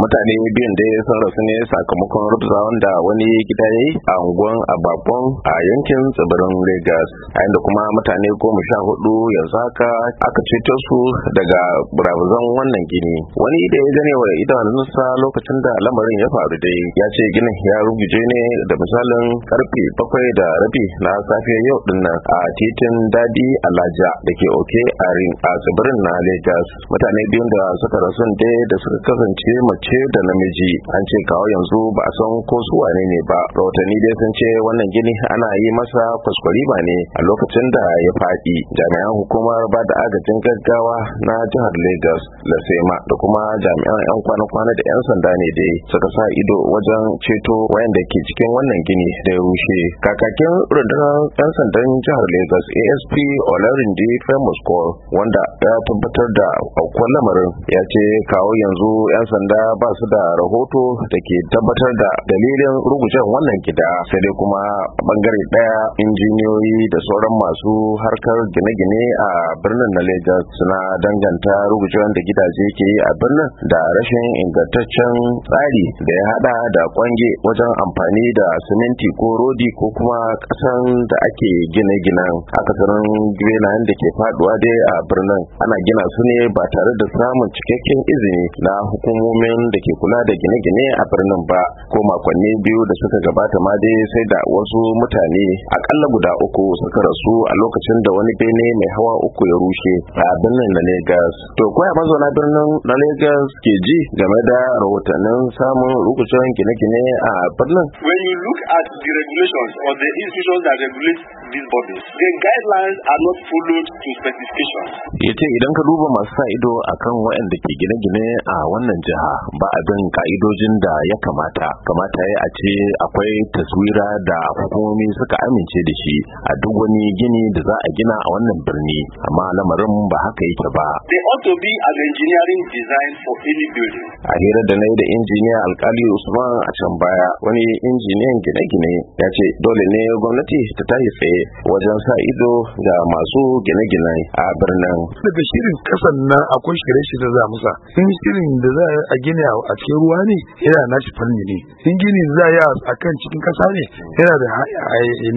mutane biyun da sun rasu ne sakamakon rubuta wanda wani gida ya yi a unguwan ababon a yankin tsibirin lagos a inda kuma mutane goma sha hudu yanzu haka aka ceto su daga burabuzan wannan gini wani da ya gane wa idanunsa lokacin da lamarin ya faru dai ya ce ginin ya rugije ne da misalin karfe bakwai da rabi na safiyar yau din nan a titin dadi alaja da ke oke a tsibirin na lagos mutane biyun da suka rasu dai da suka kasance mace mace da namiji an ce kawo yanzu ba a san ko su wane ne ba rahotanni dai sun ce wannan gini ana yi masa kwaskwariba ne a lokacin da ya faɗi jami'an hukumar ba da agajin gaggawa na jihar lagos Sema, da kuma jami'an 'yan kwana-kwana da 'yan sanda ne dai suka sa ido wajen ceto wayanda ke cikin wannan gini da ya rushe kakakin rundunar 'yan sandan jihar lagos asp olarinde famous call wanda ya tabbatar da aukuwar lamarin ya ce kawo yanzu 'yan sanda ba su da rahoto da ke tabbatar da dalilin rugujen wannan gida sai dai kuma bangare daya injiniyoyi da sauran masu harkar gine-gine a birnin na Lagos suna danganta rugujen da gidaje ke yi a birnin da rashin ingantaccen tsari da ya hada da kwange wajen amfani da siminti ko rodi ko kuma kasan da ake gine-ginen akasarin greenland da ke faduwa dai a birnin ana gina su ne ba tare da samun cikakken izini na hukumomin kwamitin da ke kula da gine-gine a birnin ba ko makonni biyu da suka gabata ma dai sai da wasu mutane akalla guda uku suka rasu a lokacin da wani bene mai hawa uku ya rushe a birnin na Legas. To koya mazauna birnin na Legas ke ji game da rahotannin samun rukucin gine-gine a birnin. When you look at the regulations or the institutions that regulate these bodies, the guidelines are not followed to specifications. Ya ce idan ka duba masu sa ido akan waɗanda ke gine-gine a wannan jiha ba a bin ka'idojin da ya kamata kamata ya a ce akwai taswira da hukumomi suka amince da shi a duk wani gini da za a gina a wannan birni amma lamarin ba haka yake ba a hira da na yi da injiniya alkali usman a can baya wani injiniyan gine-gine ya ce dole ne gwamnati ta tashi tsaye wajen sa ido ga masu gine-gine a birnin daga shirin kasan nan akwai shirye-shirye za musa shirin da za a gina ne a cikin ruwa ne yana na shi fanni ne in gini za a yi a kan cikin kasa ne yana da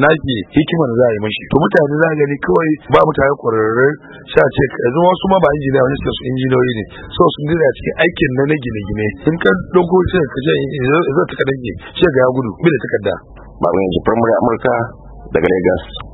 naki hikimar za a yi mashi to mutane za a gani kawai ba mutane kwararrun sha ce yanzu wasu ma ba injiniya wani suka su injiniyoyi ne so sun dira cikin aikin na na gine-gine in ka dogo shi ka shi ga gudu bi da takarda. Mamin Jifar Murya Amurka daga Lagos.